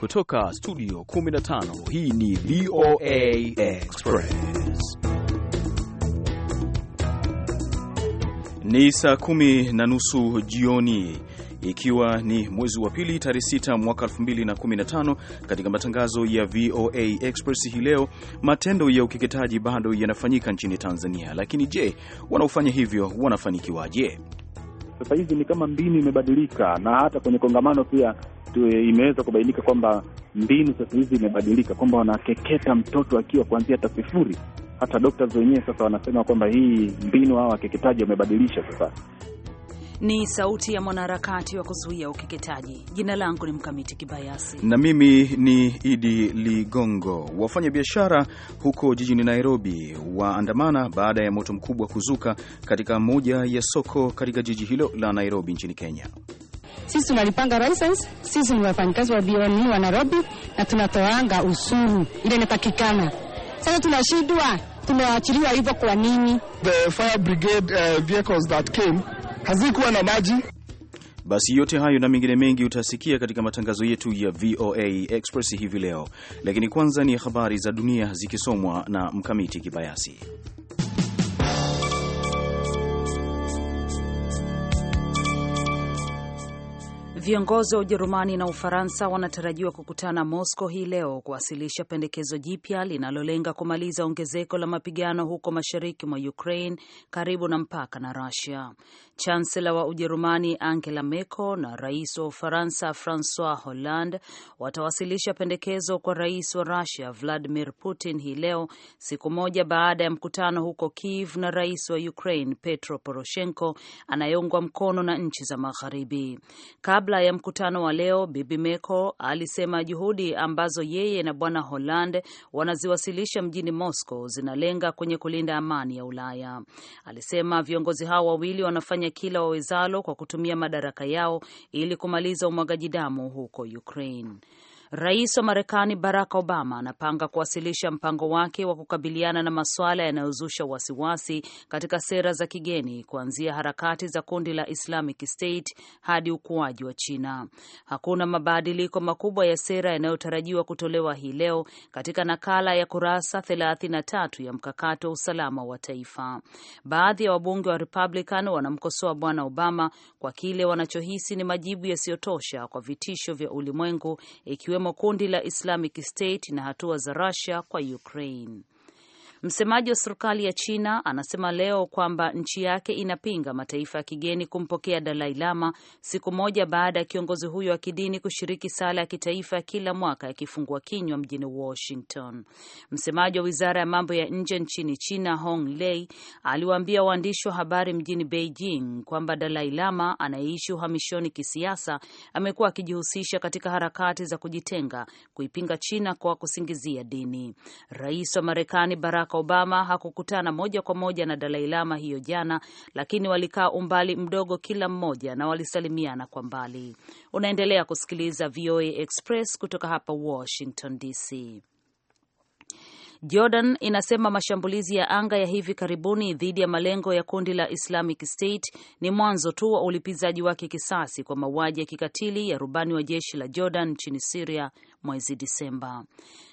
Kutoka studio 15 hii ni VOA Express. Ni saa kumi na nusu jioni ikiwa ni mwezi wa pili tarehe 6 mwaka 2015. Katika matangazo ya VOA Express hii leo, matendo ya ukeketaji bado yanafanyika nchini Tanzania, lakini je, wanaofanya hivyo wanafanikiwaje? Sasa hivi ni kama mbinu imebadilika, na hata kwenye kongamano pia imeweza kubainika kwamba mbinu sasa hizi imebadilika, kwamba wanakeketa mtoto akiwa kuanzia hata sifuri. Hata daktari wenyewe sasa wanasema kwamba hii mbinu hawa wakeketaji wamebadilisha sasa. Ni sauti ya mwanaharakati wa kuzuia ukeketaji. Jina langu ni Mkamiti Kibayasi na mimi ni Idi Ligongo. Wafanyabiashara huko jijini Nairobi waandamana baada ya moto mkubwa kuzuka katika moja ya soko katika jiji hilo la Nairobi nchini Kenya. Sisi tunalipanga license, sisi ni wafanyakazi wa BON wa Nairobi na tunatoanga usuru ile inatakikana. Sasa tunashindwa, tumeachiliwa hivyo kwa nini? The fire brigade uh, vehicles that came hazikuwa na maji. Basi yote hayo na mengine mengi utasikia katika matangazo yetu ya VOA Express hivi leo, lakini kwanza ni habari za dunia zikisomwa na Mkamiti Kibayasi. Viongozi wa Ujerumani na Ufaransa wanatarajiwa kukutana Moscow hii leo kuwasilisha pendekezo jipya linalolenga kumaliza ongezeko la mapigano huko mashariki mwa Ukraine karibu na mpaka na Russia. Chansela wa Ujerumani Angela Merkel na rais wa Ufaransa Francois Hollande watawasilisha pendekezo kwa rais wa Russia Vladimir Putin hii leo, siku moja baada ya mkutano huko Kiev na rais wa Ukraine Petro Poroshenko anayeungwa mkono na nchi za Magharibi. Kabla Kabla ya mkutano wa leo, Bibi meko alisema juhudi ambazo yeye na Bwana holand wanaziwasilisha mjini Moscow zinalenga kwenye kulinda amani ya Ulaya. Alisema viongozi hao wawili wanafanya kila wawezalo kwa kutumia madaraka yao ili kumaliza umwagaji damu huko Ukraine. Rais wa Marekani Barack Obama anapanga kuwasilisha mpango wake wa kukabiliana na masuala yanayozusha wasiwasi katika sera za kigeni, kuanzia harakati za kundi la Islamic State hadi ukuaji wa China. Hakuna mabadiliko makubwa ya sera yanayotarajiwa kutolewa hii leo katika nakala ya kurasa 33 ya mkakati wa usalama wa taifa. Baadhi ya wabunge wa Republican wanamkosoa Bwana Obama kwa kile wanachohisi ni majibu yasiyotosha kwa vitisho vya ulimwengu ikiwemo likiwemo kundi la Islamic State na hatua za Russia kwa Ukraine. Msemaji wa serikali ya China anasema leo kwamba nchi yake inapinga mataifa ya kigeni kumpokea Dalai Lama siku moja baada ya kiongozi huyo wa kidini kushiriki sala ya kitaifa ya kila mwaka ya kifungua kinywa mjini Washington. Msemaji wa wizara ya mambo ya nje nchini China, Hong Lei, aliwaambia waandishi wa habari mjini Beijing kwamba Dalai Lama anayeishi uhamishoni kisiasa amekuwa akijihusisha katika harakati za kujitenga kuipinga China kwa kusingizia dini. Rais wa Marekani Barack Barack Obama hakukutana moja kwa moja na Dalai Lama hiyo jana, lakini walikaa umbali mdogo kila mmoja na walisalimiana kwa mbali. Unaendelea kusikiliza VOA Express kutoka hapa Washington DC. Jordan inasema mashambulizi ya anga ya hivi karibuni dhidi ya malengo ya kundi la Islamic State ni mwanzo tu wa ulipizaji wake kisasi kwa mauaji ya kikatili ya rubani wa jeshi la Jordan nchini siria mwezi Disemba.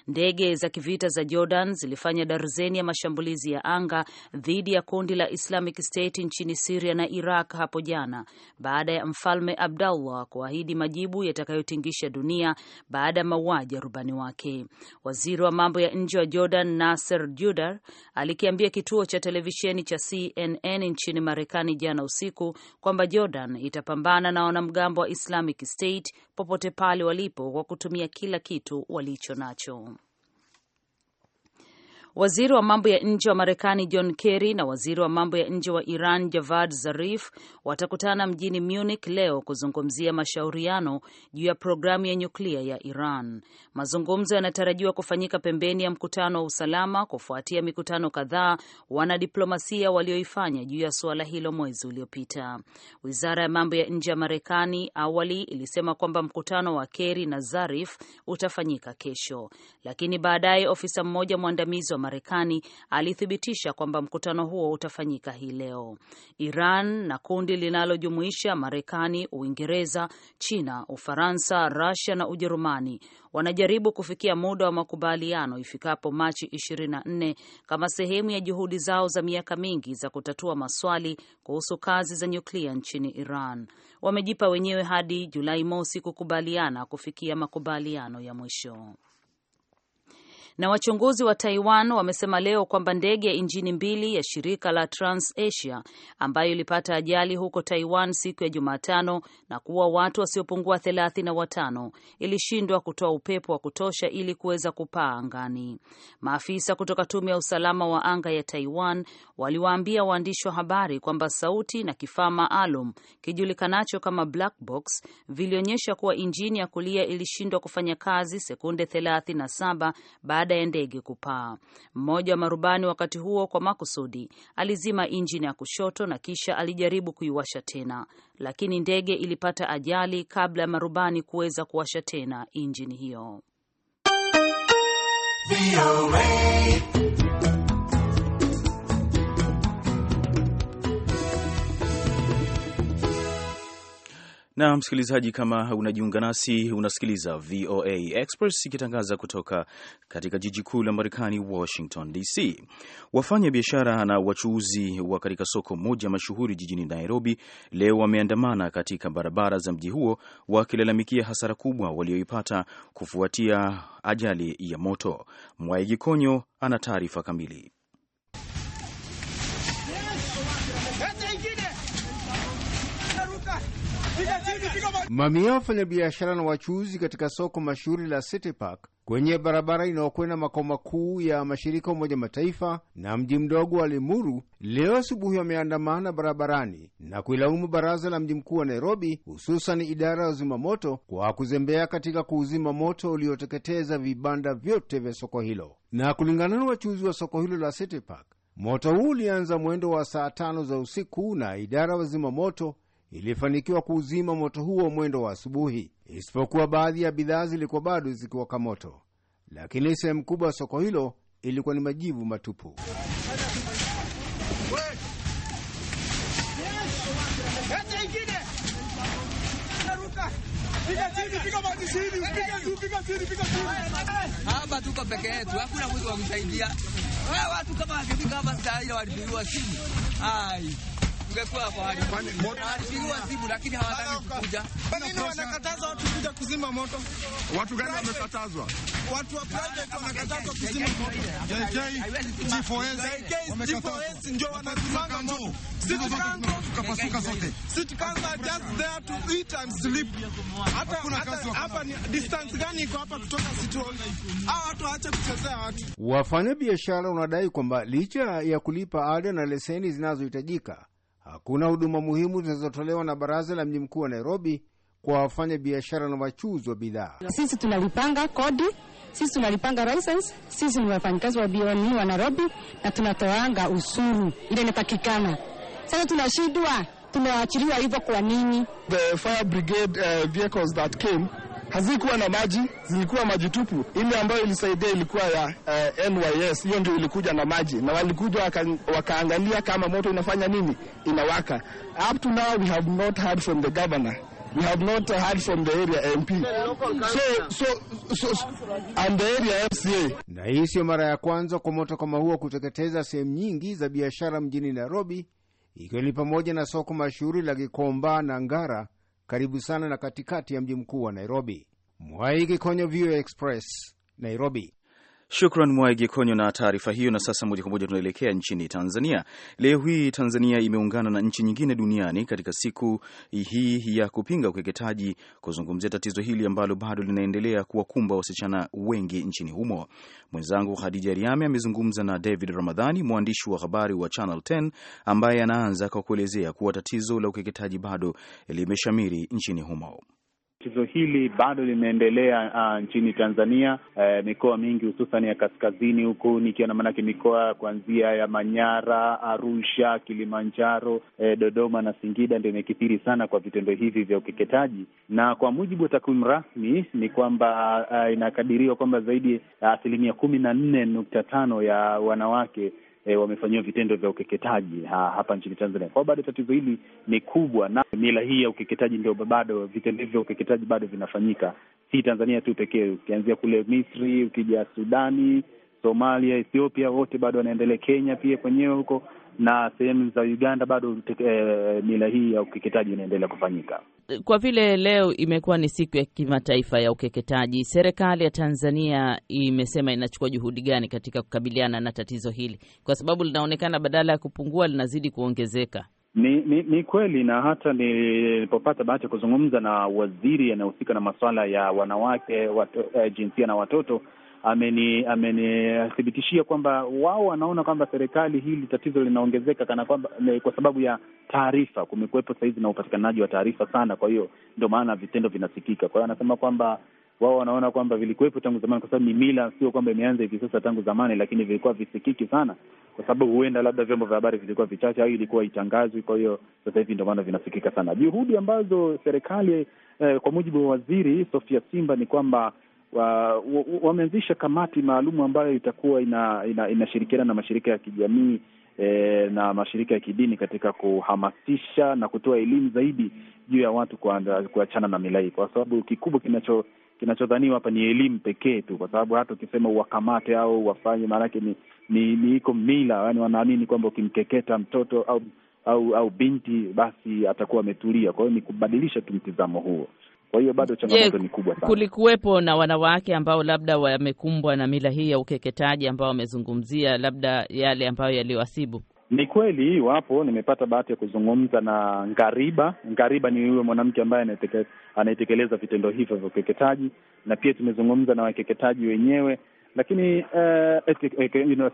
Ndege za kivita za Jordan zilifanya darzeni ya mashambulizi ya anga dhidi ya kundi la Islamic State nchini Siria na Iraq hapo jana baada ya Mfalme Abdullah kuahidi majibu yatakayotingisha dunia baada ya mauaji ya rubani wake. Waziri wa mambo ya nje wa Jordan Nasser Judar alikiambia kituo cha televisheni cha CNN nchini Marekani jana usiku kwamba Jordan itapambana na wanamgambo wa Islamic State popote pale walipo kwa kutumia kila kitu walicho nacho. Waziri wa mambo ya nje wa Marekani John Kerry na waziri wa mambo ya nje wa Iran Javad Zarif watakutana mjini Munich leo kuzungumzia mashauriano juu ya programu ya nyuklia ya Iran. Mazungumzo yanatarajiwa kufanyika pembeni ya mkutano wa usalama kufuatia mikutano kadhaa wanadiplomasia walioifanya juu ya suala hilo mwezi uliopita. Wizara ya mambo ya nje ya Marekani awali ilisema kwamba mkutano wa Kerry na Zarif utafanyika kesho, lakini baadaye ofisa mmoja mwandamizi wa Marekani alithibitisha kwamba mkutano huo utafanyika hii leo. Iran na kundi linalojumuisha Marekani, Uingereza, China, Ufaransa, Rusia na Ujerumani wanajaribu kufikia muda wa makubaliano ifikapo Machi 24 kama sehemu ya juhudi zao za miaka mingi za kutatua maswali kuhusu kazi za nyuklia nchini Iran. Wamejipa wenyewe hadi Julai mosi kukubaliana kufikia makubaliano ya mwisho. Na wachunguzi wa Taiwan wamesema leo kwamba ndege ya injini mbili ya shirika la TransAsia ambayo ilipata ajali huko Taiwan siku ya Jumatano na kuwa watu wasiopungua thelathini na watano ilishindwa kutoa upepo wa kutosha ili kuweza kupaa angani. Maafisa kutoka tume ya usalama wa anga ya Taiwan waliwaambia waandishi wa habari kwamba sauti na kifaa maalum kijulikanacho kama black box vilionyesha kuwa injini ya kulia ilishindwa kufanya kazi sekunde saba baada baada ya ndege kupaa. Mmoja wa marubani wakati huo kwa makusudi alizima injini ya kushoto na kisha alijaribu kuiwasha tena, lakini ndege ilipata ajali kabla ya marubani kuweza kuwasha tena injini hiyo. Na msikilizaji, kama unajiunga nasi, unasikiliza VOA Express ikitangaza kutoka katika jiji kuu la Marekani, Washington DC. Wafanya biashara na wachuuzi wa katika soko moja mashuhuri jijini Nairobi leo wameandamana katika barabara za mji huo wakilalamikia hasara kubwa walioipata kufuatia ajali ya moto. Mwaigi Konyo ana taarifa kamili. Mamia ya wafanyabiashara na wachuuzi katika soko mashuhuri la City Park kwenye barabara inayokwenda makao makuu ya mashirika Umoja Mataifa na mji mdogo wa Limuru leo asubuhi wameandamana barabarani na kuilaumu baraza la mji mkuu wa Nairobi, hususan idara ya uzimamoto kwa kuzembea katika kuuzima moto ulioteketeza vibanda vyote vya soko hilo. Na kulingana na wachuuzi wa soko hilo la City Park, moto huu ulianza mwendo wa saa tano za usiku na idara ya zimamoto ilifanikiwa kuuzima moto huo mwendo wa asubuhi, isipokuwa baadhi ya bidhaa zilikuwa bado zikiwaka moto, lakini sehemu kubwa ya soko hilo ilikuwa ni majivu matupu. Hapa tuko peke yetu, hakuna mtu wa kusaidia. Watu kama wakifika hapa saa ile simu ungekuwa kwa moto atiwa lakini hawataki wanakataza watu kuja kuzima moto? Watu gani wamekatazwa? Watu wa wanakatazwa kuzima moto. G4S ndio wanazimanga moto. City Council tukapasuka sote. City Council just there to eat and sleep. Hata hapa ni distance gani iko hapa kutoka City Hall? Hao watu waache kuchezea watu. Wafanya biashara wanadai kwamba licha ya kulipa ada na leseni zinazohitajika hakuna huduma muhimu zinazotolewa na baraza la mji mkuu wa Nairobi kwa wafanya biashara na wachuzi wa bidhaa. Sisi tunalipanga kodi, sisi tunalipanga license, sisi ni wafanyikazi wa bioni wa Nairobi na tunatoanga usuru ile inatakikana. Sasa tunashindwa, tumewachiliwa hivyo kwa nini? The fire brigade uh, vehicles that came hazikuwa na maji, zilikuwa maji tupu. Ile ambayo ilisaidia ilikuwa ya uh, eh, NYS, hiyo ndio ilikuja na maji na walikuja waka, wakaangalia kama moto inafanya nini, inawaka. Up to now we have not heard from the governor we have not heard from the area MP so, so, so, so, and the area FCA. Na hii sio mara ya kwanza kwa moto kama huo kuteketeza sehemu nyingi za biashara mjini Nairobi, ikiwa ni pamoja na soko mashuhuri la Gikomba na Ngara karibu sana na katikati ya mji mkuu wa Nairobi. Mwai konyo VOA Express, Nairobi. Shukran Mwaigi Konyo na taarifa hiyo. Na sasa moja kwa moja tunaelekea nchini Tanzania. Leo hii Tanzania imeungana na nchi nyingine duniani katika siku hii ya kupinga ukeketaji kuzungumzia tatizo hili ambalo bado linaendelea kuwakumba wasichana wengi nchini humo. Mwenzangu Khadija Riame amezungumza na David Ramadhani, mwandishi wa habari wa Channel 10 ambaye anaanza kwa kuelezea kuwa tatizo la ukeketaji bado limeshamiri nchini humo. Tatizo hili bado limeendelea uh, nchini Tanzania uh, mikoa mingi hususan ya kaskazini huku, nikiwa na maanake mikoa kuanzia ya Manyara, Arusha, Kilimanjaro, uh, Dodoma na Singida ndio imekithiri sana kwa vitendo hivi vya ukeketaji, na kwa mujibu wa takwimu rasmi ni kwamba uh, inakadiriwa kwamba zaidi ya asilimia kumi na nne nukta tano ya wanawake e, wamefanyiwa vitendo vya ukeketaji ha, hapa nchini Tanzania. Kwao bado tatizo hili ni kubwa, na mila hii ya ukeketaji ndio bado, vitendo hivi vya ukeketaji bado vinafanyika, si Tanzania tu pekee, ukianzia kule Misri, ukija Sudani, Somalia, Ethiopia, wote bado wanaendelea. Kenya pia kwenyewe huko na sehemu za Uganda bado eh, mila hii ya ukeketaji inaendelea kufanyika. Kwa vile leo imekuwa ni siku ya kimataifa ya ukeketaji, serikali ya Tanzania imesema inachukua juhudi gani katika kukabiliana na tatizo hili, kwa sababu linaonekana badala ya kupungua linazidi kuongezeka? Ni, ni ni kweli na hata nilipopata bahati ya kuzungumza na waziri anayehusika na masuala ya wanawake watu, eh, jinsia na watoto amenithibitishia uh, kwamba wao wanaona kwamba serikali hili tatizo linaongezeka kana kwamba eh, kwa sababu ya taarifa. Kumekuwepo sahizi na upatikanaji wa taarifa sana, kwa hiyo ndio maana vitendo vinasikika. Kwa hiyo anasema kwamba wao wanaona kwamba vilikuwepo tangu zamani, kwa sababu ni mila, sio kwamba imeanza hivi sasa tangu zamani, lakini vilikuwa visikiki sana, kwa sababu huenda labda vyombo vya habari vilikuwa vichache au ilikuwa itangazwi. Kwa hiyo sasa hivi ndio maana vinasikika sana. Juhudi ambazo serikali eh, kwa mujibu wa waziri Sofia Simba ni kwamba wameanzisha wa, kamati maalum ambayo itakuwa inashirikiana ina, ina na mashirika ya kijamii e, na mashirika ya kidini katika kuhamasisha na kutoa elimu zaidi juu ya watu kuachana na mila hii, kwa sababu kikubwa kinacho kinachodhaniwa hapa ni elimu pekee tu, kwa sababu hata ukisema uwakamate au wafanye, maanake ni, ni, ni iko mila, yaani wanaamini kwamba ukimkeketa mtoto au au au binti basi atakuwa ametulia. Kwa hiyo ni kubadilisha tu mtizamo huo. Kwa hiyo bado changamoto ni kubwa sana. Kulikuwepo na wanawake ambao labda wamekumbwa na mila hii ya ukeketaji ambao wamezungumzia labda yale ambayo yaliwasibu? Ni kweli wapo. Nimepata bahati ya kuzungumza na Ngariba. Ngariba ni yule mwanamke ambaye anaitekeleza vitendo hivyo vya ukeketaji, na pia tumezungumza na wakeketaji wenyewe, lakini eh,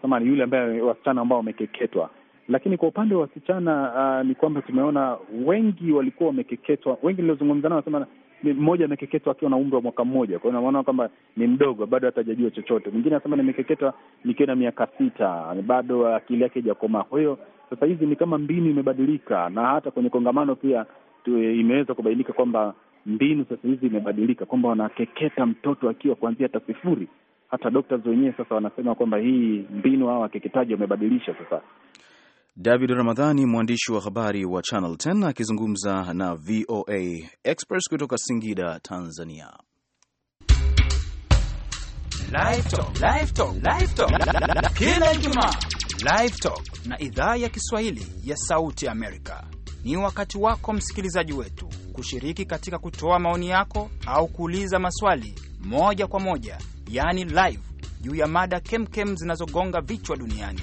samani uh, yule ambaye wasichana ambao wamekeketwa. Lakini kwa upande wa wasichana uh, ni kwamba tumeona wengi walikuwa wamekeketwa, wengi niliozungumza nao wanasema mmoja amekeketwa akiwa na umri wa mwaka mmoja, kwa hiyo kwamba ni mdogo bado, hatajajua chochote. Mwingine anasema nimekeketwa nikiwa na miaka sita, bado akili yake haijakomaa. Kwa hiyo sasa hizi ni kama mbinu imebadilika, na hata kwenye kongamano pia eh, imeweza kubainika kwamba mbinu sasa hizi imebadilika, kwamba wanakeketa mtoto akiwa kuanzia hata sifuri. Hata doctors wenyewe sasa wanasema kwamba hii mbinu hawa wakeketaji wamebadilisha sasa David Ramadhani, mwandishi wa habari wa Channel 10 akizungumza na VOA Express kutoka Singida, Tanzania. Kila Ijumaa Live Talk na idhaa ya Kiswahili ya Sauti Amerika ni wakati wako msikilizaji wetu kushiriki katika kutoa maoni yako au kuuliza maswali moja kwa moja, yaani live, juu ya mada kemkem zinazogonga vichwa duniani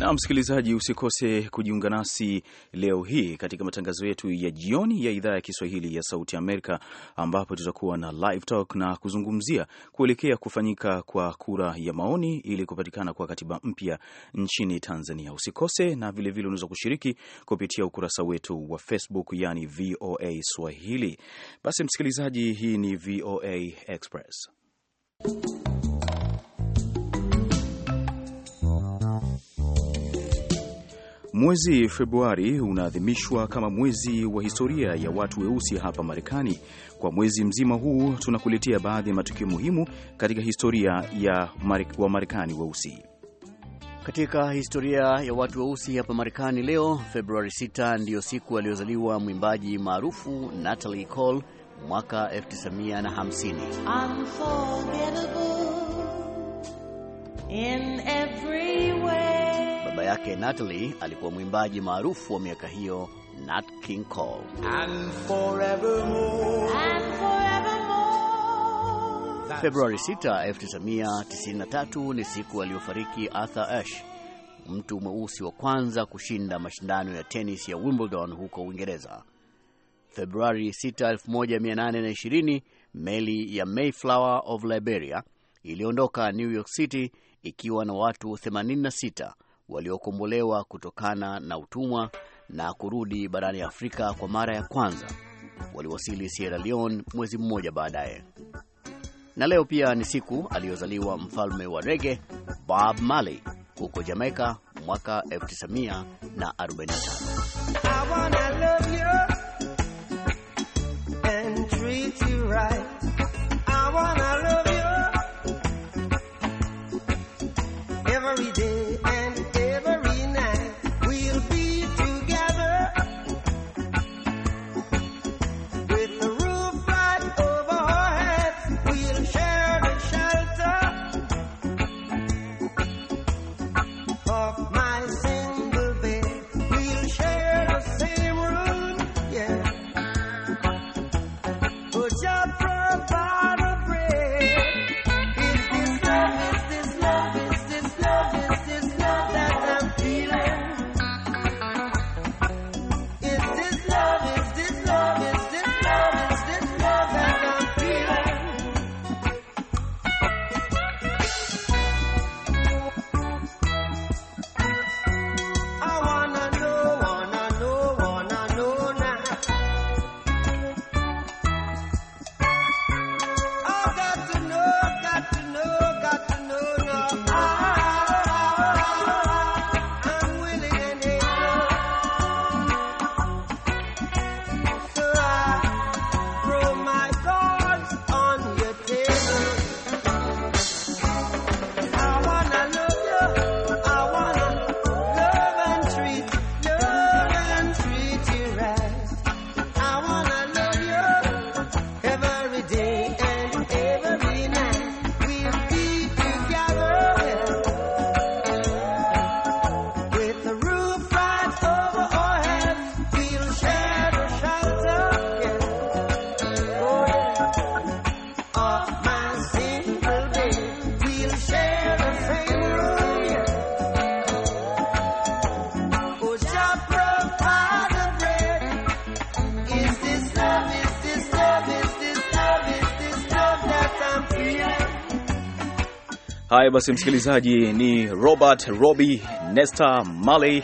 Na msikilizaji, usikose kujiunga nasi leo hii katika matangazo yetu ya jioni ya idhaa ya Kiswahili ya Sauti Amerika, ambapo tutakuwa na live talk na kuzungumzia kuelekea kufanyika kwa kura ya maoni ili kupatikana kwa katiba mpya nchini Tanzania. Usikose, na vilevile unaweza kushiriki kupitia ukurasa wetu wa Facebook, yani VOA Swahili. Basi msikilizaji, hii ni VOA Express. Mwezi Februari unaadhimishwa kama mwezi wa historia ya watu weusi hapa Marekani. Kwa mwezi mzima huu tunakuletea baadhi ya matukio muhimu katika historia ya Wamarekani weusi. Katika historia ya watu weusi hapa Marekani leo, Februari 6 ndiyo siku aliyozaliwa mwimbaji maarufu Natalie Cole mwaka 1950. Baba yake Natalie alikuwa mwimbaji maarufu wa miaka hiyo, Nat King Cole. And forevermore. And forevermore. Februari 6, 1993 ni siku aliyofariki Arthur Ashe, mtu mweusi wa kwanza kushinda mashindano ya tenis ya Wimbledon huko Uingereza. Februari 6, 1820 meli ya Mayflower of Liberia iliondoka New York City ikiwa na watu 86 waliokombolewa kutokana na utumwa na kurudi barani Afrika kwa mara ya kwanza waliwasili Sierra Leone mwezi mmoja baadaye. Na leo pia ni siku aliyozaliwa mfalme wa rege Bob Marley huko Jamaica mwaka 1945. every day. Haya basi, msikilizaji, ni Robert Robi Nesta maley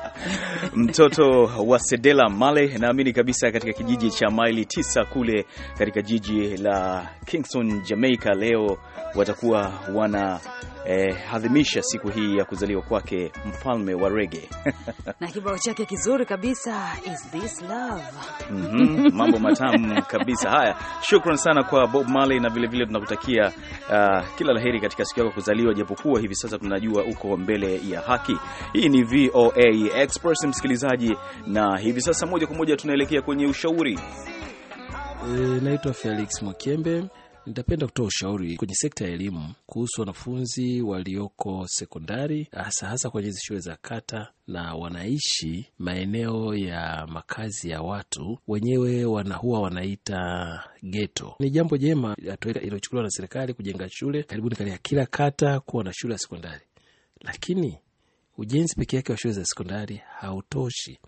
mtoto wa Sedela maley naamini kabisa katika kijiji cha maili tisa kule katika jiji la Kingston, Jamaica. Leo watakuwa wana eh, hadhimisha siku hii ya kuzaliwa kwake mfalme wa rege na kibao chake kizuri kabisa Is This Love. mm -hmm, mambo matamu kabisa haya. Shukran sana kwa Bob Marley na vilevile tunakutakia uh, kila laheri katika siku yako kuzaliwa, japokuwa hivi sasa tunajua uko mbele ya haki. Hii ni VOA Express msikilizaji, na hivi sasa moja kwa moja tunaelekea kwenye ushauri. E, naitwa Felix Mwakembe Nitapenda kutoa ushauri kwenye sekta ya elimu kuhusu wanafunzi walioko sekondari, hasa hasa kwenye hizi shule za kata na wanaishi maeneo ya makazi ya watu wenyewe, wanahuwa wanaita geto. Ni jambo jema iliyochukuliwa na serikali kujenga shule karibuni katika kila kata kuwa na shule ya sekondari, lakini ujenzi peke yake wa shule za sekondari hautoshi.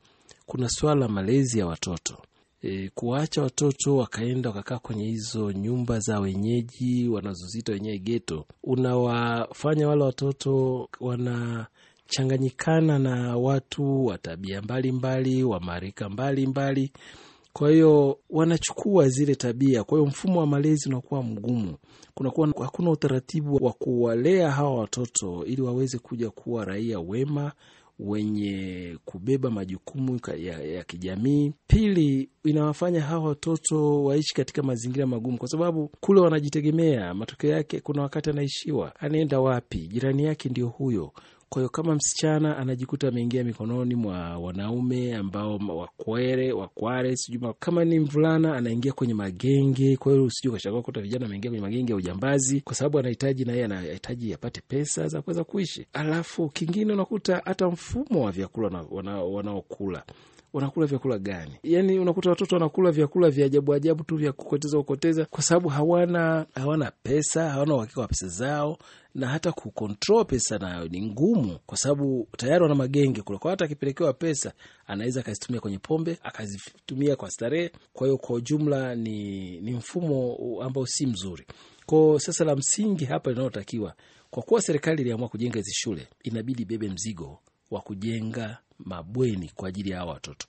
Kuna swala la malezi ya watoto e, kuwaacha watoto wakaenda wakakaa kwenye hizo nyumba za wenyeji wanazozita wenyewe geto, unawafanya wale watoto wana changanyikana na watu wa tabia mbalimbali wa marika mbalimbali mbali. Kwa hiyo wanachukua zile tabia. Kwa hiyo mfumo wa malezi unakuwa mgumu, kunakuwa hakuna utaratibu wa kuwalea hawa watoto ili waweze kuja kuwa raia wema wenye kubeba majukumu ya, ya kijamii. Pili, inawafanya hawa watoto waishi katika mazingira magumu, kwa sababu kule wanajitegemea. Matokeo yake, kuna wakati anaishiwa, anaenda wapi? Jirani yake ndio huyo. Kwa hiyo kama msichana anajikuta ameingia mikononi mwa wanaume ambao wakwere wakware, sijui kama ni mvulana anaingia kwenye magenge. Kwa hiyo usijui kashangaa kuta vijana ameingia kwenye magenge ya ujambazi, kwa sababu anahitaji na yeye anahitaji apate pesa za kuweza kuishi. Alafu kingine unakuta hata mfumo wa vyakula wanaokula wana wanakula vyakula gani? Yani unakuta watoto wanakula vyakula vya ajabu ajabu tu vya kukoteza kukoteza, kwa sababu hawana hawana pesa, hawana uhakika wa pesa zao na hata kukontrol pesa nayo ni ngumu, kwa sababu tayari wana magenge kule. Kwa hata akipelekewa pesa anaweza akazitumia kwenye pombe, akazitumia kwa starehe. Kwa hiyo kwa ujumla ni, ni mfumo ambao si mzuri. Kwa sasa la msingi hapa linalotakiwa, kwa kuwa serikali iliamua kujenga hizi shule, inabidi bebe mzigo wa kujenga mabweni kwa ajili ya hawa watoto.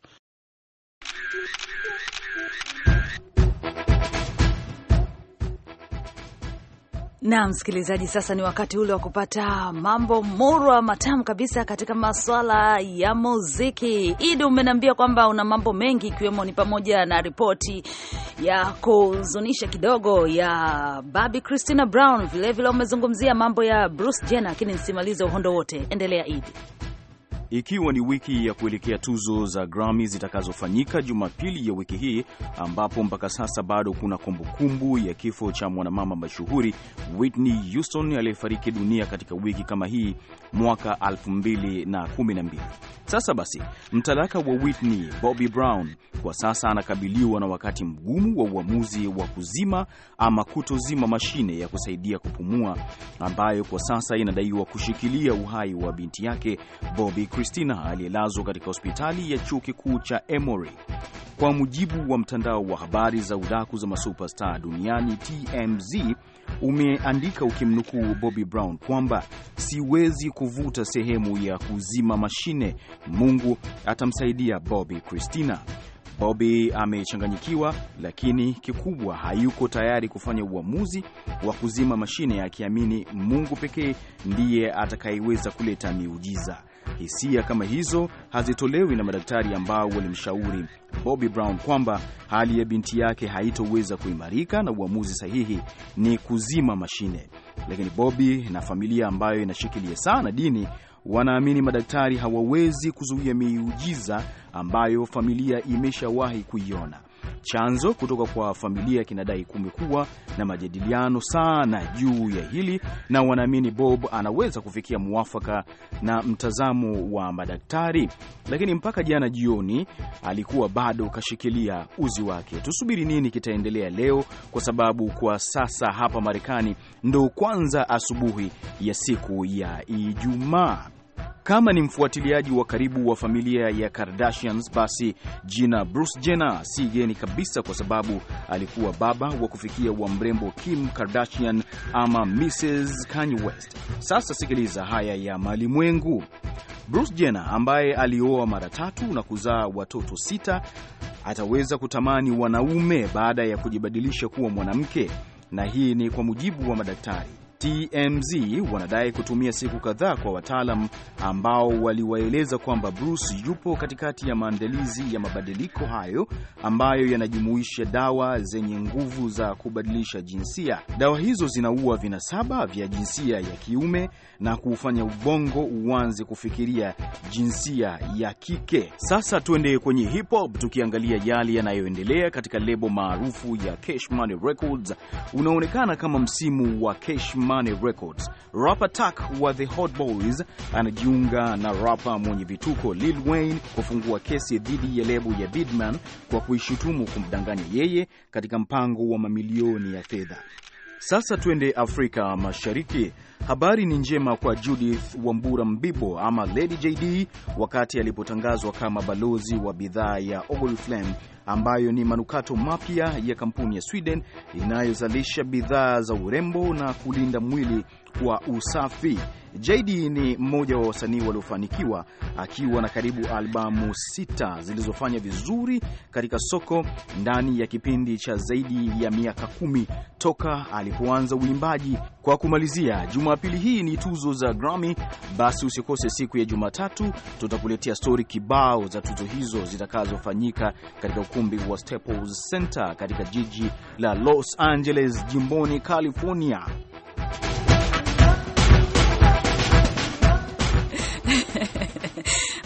Na msikilizaji, sasa ni wakati ule wa kupata mambo murwa matamu kabisa katika maswala ya muziki. Idi, umeniambia kwamba una mambo mengi, ikiwemo ni pamoja na ripoti ya kuhuzunisha kidogo ya Babi Christina Brown. Vilevile umezungumzia mambo ya Bruce Jenner, lakini nisimalize uhondo wote. Endelea Idi ikiwa ni wiki ya kuelekea tuzo za Grammy zitakazofanyika Jumapili ya wiki hii, ambapo mpaka sasa bado kuna kumbukumbu ya kifo cha mwanamama mashuhuri Whitney Houston aliyefariki dunia katika wiki kama hii mwaka 2012. Sasa basi, mtalaka wa Whitney, Bobby Brown, kwa sasa anakabiliwa na wakati mgumu wa uamuzi wa kuzima ama kutozima mashine ya kusaidia kupumua ambayo kwa sasa inadaiwa kushikilia uhai wa binti yake Bobby Christina aliyelazwa katika hospitali ya chuo kikuu cha Emory. Kwa mujibu wa mtandao wa habari za udaku za masuperstar duniani TMZ, umeandika ukimnukuu Bobby Brown kwamba siwezi kuvuta sehemu ya kuzima mashine, Mungu atamsaidia Bobby Christina. Bobby amechanganyikiwa, lakini kikubwa, hayuko tayari kufanya uamuzi wa kuzima mashine, akiamini Mungu pekee ndiye atakayeweza kuleta miujiza hisia kama hizo hazitolewi na madaktari ambao walimshauri Bobby Brown kwamba hali ya binti yake haitoweza kuimarika na uamuzi sahihi ni kuzima mashine. Lakini Bobby na familia ambayo inashikilia sana dini wanaamini madaktari hawawezi kuzuia miujiza ambayo familia imeshawahi kuiona. Chanzo kutoka kwa familia kinadai kumekuwa na majadiliano sana juu ya hili, na wanaamini Bob anaweza kufikia mwafaka na mtazamo wa madaktari, lakini mpaka jana jioni alikuwa bado kashikilia uzi wake. Tusubiri nini kitaendelea leo, kwa sababu kwa sasa hapa Marekani ndo kwanza asubuhi ya siku ya Ijumaa. Kama ni mfuatiliaji wa karibu wa familia ya Kardashians, basi jina Bruce Jenner si geni kabisa, kwa sababu alikuwa baba wa kufikia wa mrembo Kim Kardashian ama Mrs Kanye West. Sasa sikiliza haya ya malimwengu. Bruce Jenner ambaye alioa mara tatu na kuzaa watoto sita ataweza kutamani wanaume baada ya kujibadilisha kuwa mwanamke, na hii ni kwa mujibu wa madaktari. TMZ wanadai kutumia siku kadhaa kwa wataalam ambao waliwaeleza kwamba Bruce yupo katikati ya maandalizi ya mabadiliko hayo ambayo yanajumuisha dawa zenye nguvu za kubadilisha jinsia. Dawa hizo zinaua vinasaba vya jinsia ya kiume na kuufanya ubongo uanze kufikiria jinsia ya kike. Sasa tuende kwenye hip hop, tukiangalia yale yanayoendelea katika lebo maarufu ya Cash Money Records. Unaonekana kama msimu wa Cash Kimani Records. Rapper Tak wa The Hot Boys anajiunga na rapa mwenye vituko Lil Wayne kufungua kesi dhidi ya lebu ya Bidman kwa kuishutumu kumdanganya yeye katika mpango wa mamilioni ya fedha. Sasa twende Afrika Mashariki. Habari ni njema kwa Judith Wambura Mbibo ama Lady JD wakati alipotangazwa kama balozi wa bidhaa ya Oriflame ambayo ni manukato mapya ya kampuni ya Sweden inayozalisha bidhaa za urembo na kulinda mwili wa usafi. JD ni mmoja wa wasanii waliofanikiwa akiwa na karibu albamu sita zilizofanya vizuri katika soko ndani ya kipindi cha zaidi ya miaka kumi toka alipoanza uimbaji. Kwa kumalizia, Jumapili hii ni tuzo za Grammy, basi usikose siku ya Jumatatu, tutakuletea stori kibao za tuzo hizo zitakazofanyika katika ukumbi wa Staples Center katika jiji la Los Angeles, jimboni California.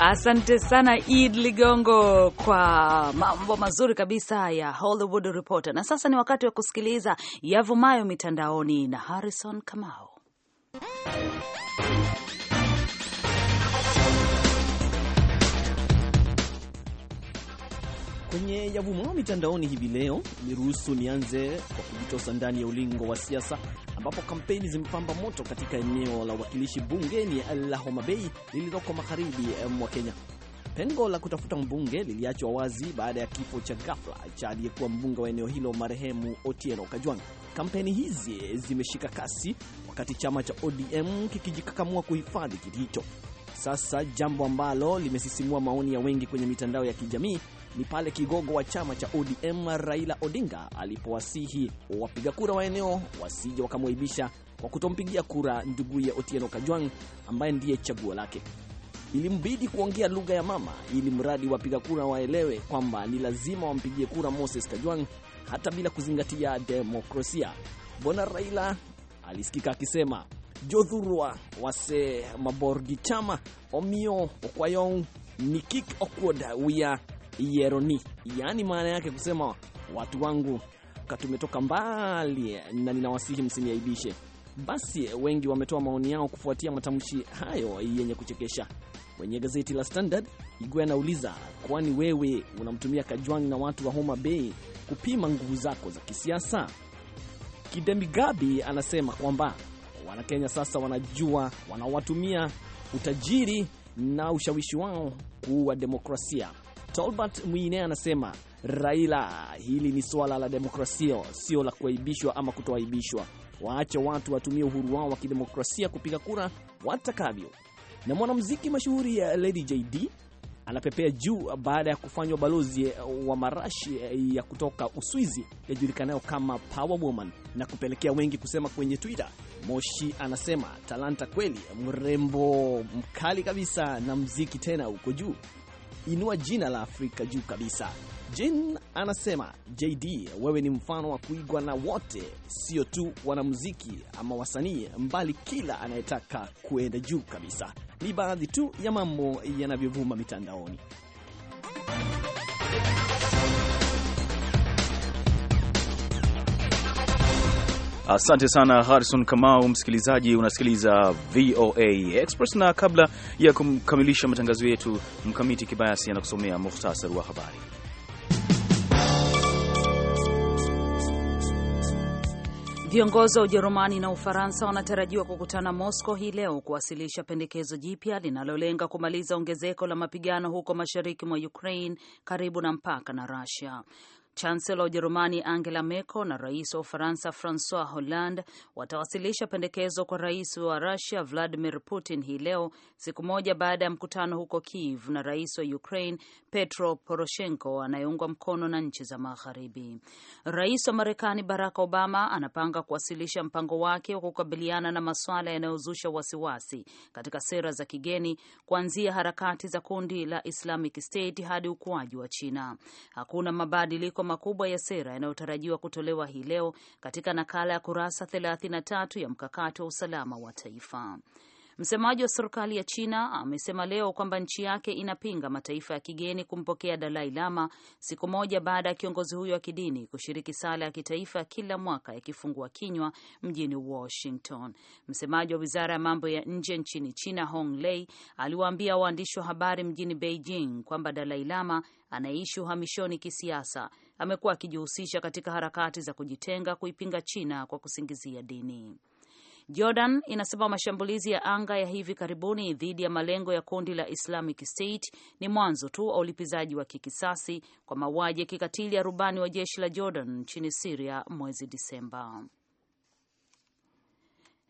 Asante sana Id Ligongo kwa mambo mazuri kabisa ya Hollywood Reporter. Na sasa ni wakati wa kusikiliza yavumayo mitandaoni na Harrison Kamau. kwenye yavumao mitandaoni hivi leo, niruhusu nianze kwa kujitosa ndani ya ulingo wa siasa, ambapo kampeni zimepamba moto katika eneo la uwakilishi bungeni la Homa Bay lililoko magharibi mwa Kenya. Pengo la kutafuta mbunge liliachwa wazi baada ya kifo cha ghafla cha aliyekuwa mbunge wa eneo hilo marehemu Otieno Kajwang. Kampeni hizi zimeshika kasi wakati chama cha ODM kikijikakamua kuhifadhi kiti hicho, sasa jambo ambalo limesisimua maoni ya wengi kwenye mitandao ya kijamii ni pale kigogo wa chama cha ODM Raila Odinga alipowasihi wapiga kura wa eneo wasije wakamwaibisha kwa kutompigia kura nduguye Otieno Kajwang ambaye ndiye chaguo lake. Ilimbidi kuongea lugha ya mama ili mradi wapiga kura waelewe kwamba ni lazima wampigie kura Moses Kajwang hata bila kuzingatia demokrasia. Bwana Raila alisikika akisema jodhurwa wase maborgi chama omio okwayong nikik okwoda wia Yeroni, yaani maana yake kusema watu wangu katumetoka mbali na ninawasihi msiniaibishe. Basi wengi wametoa maoni yao kufuatia matamshi hayo yenye kuchekesha. Kwenye gazeti la Standard, Igwe anauliza kwani wewe unamtumia Kajwang' na watu wa Homa Bay kupima nguvu zako za kisiasa? Gabi anasema kwamba Wanakenya sasa wanajua wanawatumia utajiri na ushawishi wao kuua demokrasia. Tolbert Mwine anasema Raila, hili ni suala la demokrasia, sio la kuaibishwa ama kutoaibishwa. Waache watu watumie uhuru wao wa kidemokrasia kupiga kura watakavyo. Na mwanamuziki mashuhuri ya eh, Lady JD anapepea juu baada ya kufanywa balozi eh, wa marashi eh, ya kutoka Uswizi yajulikanayo kama Power Woman na kupelekea wengi kusema kwenye Twitter. Moshi anasema talanta kweli, mrembo mkali kabisa, na mziki tena huko juu inua jina la Afrika juu kabisa. Jin anasema JD, wewe ni mfano wa kuigwa na wote, sio tu wanamuziki ama wasanii, mbali kila anayetaka kuenda juu kabisa. Ni baadhi tu ya mambo yanavyovuma mitandaoni. Asante sana Harrison Kamau. Msikilizaji, unasikiliza VOA Express, na kabla ya kumkamilisha matangazo yetu, Mkamiti Kibayasi anakusomea muhtasari wa habari. Viongozi wa Ujerumani na Ufaransa wanatarajiwa kukutana Moscow hii leo kuwasilisha pendekezo jipya linalolenga kumaliza ongezeko la mapigano huko mashariki mwa Ukraine karibu na mpaka na Russia chancelo wa Ujerumani Angela Merkel na rais wa Ufaransa Francois Hollande watawasilisha pendekezo kwa rais wa Rusia Vladimir Putin hii leo, siku moja baada ya mkutano huko Kiev na rais wa Ukraine Petro Poroshenko anayeungwa mkono na nchi za Magharibi. Rais wa Marekani Barack Obama anapanga kuwasilisha mpango wake wa kukabiliana na masuala yanayozusha wasiwasi katika sera za kigeni, kuanzia harakati za kundi la Islamic State hadi ukuaji wa China. Hakuna mabadiliko makubwa ya sera yanayotarajiwa kutolewa hii leo katika nakala ya kurasa 33 ya mkakati wa usalama wa taifa. Msemaji wa serikali ya China amesema leo kwamba nchi yake inapinga mataifa ya kigeni kumpokea Dalai Lama siku moja baada ya kiongozi huyo wa kidini kushiriki sala ya kitaifa kila mwaka ya kifungua kinywa mjini Washington. Msemaji wa wizara ya mambo ya nje nchini China, Hong Lei, aliwaambia waandishi wa habari mjini Beijing kwamba Dalai Lama anayeishi uhamishoni kisiasa amekuwa akijihusisha katika harakati za kujitenga kuipinga China kwa kusingizia dini. Jordan inasema mashambulizi ya anga ya hivi karibuni dhidi ya malengo ya kundi la Islamic State ni mwanzo tu wa ulipizaji wa kikisasi kwa mauaji ya kikatili ya rubani wa jeshi la Jordan nchini siria mwezi Disemba.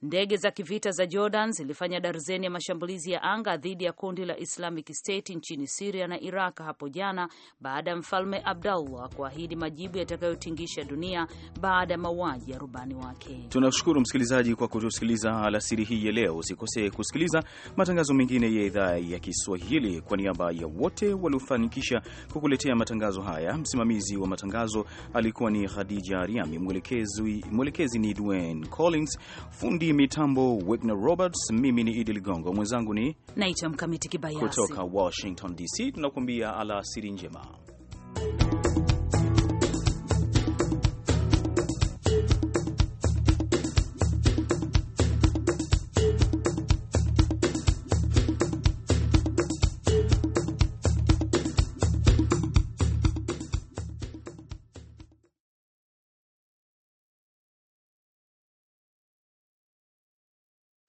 Ndege za kivita za Jordan zilifanya darzeni ya mashambulizi ya anga dhidi ya kundi la Islamic State nchini Siria na Iraq hapo jana baada ya mfalme Abdullah kuahidi majibu yatakayotingisha dunia baada ya mauaji ya rubani wake. Tunashukuru msikilizaji kwa kutusikiliza alasiri hii ya leo. Usikose kusikiliza matangazo mengine ya idhaa ya Kiswahili. Kwa niaba ya wote waliofanikisha kukuletea matangazo haya, msimamizi wa matangazo alikuwa ni Khadija Riami, mwelekezi, ni Dwayne Collins, fundi mitambo Wagner Roberts, mimi ni Idi Ligongo, mwenzangu ni naitwa Mkamiti Kibayasi kutoka Washington DC. Tunakuambia alasiri njema.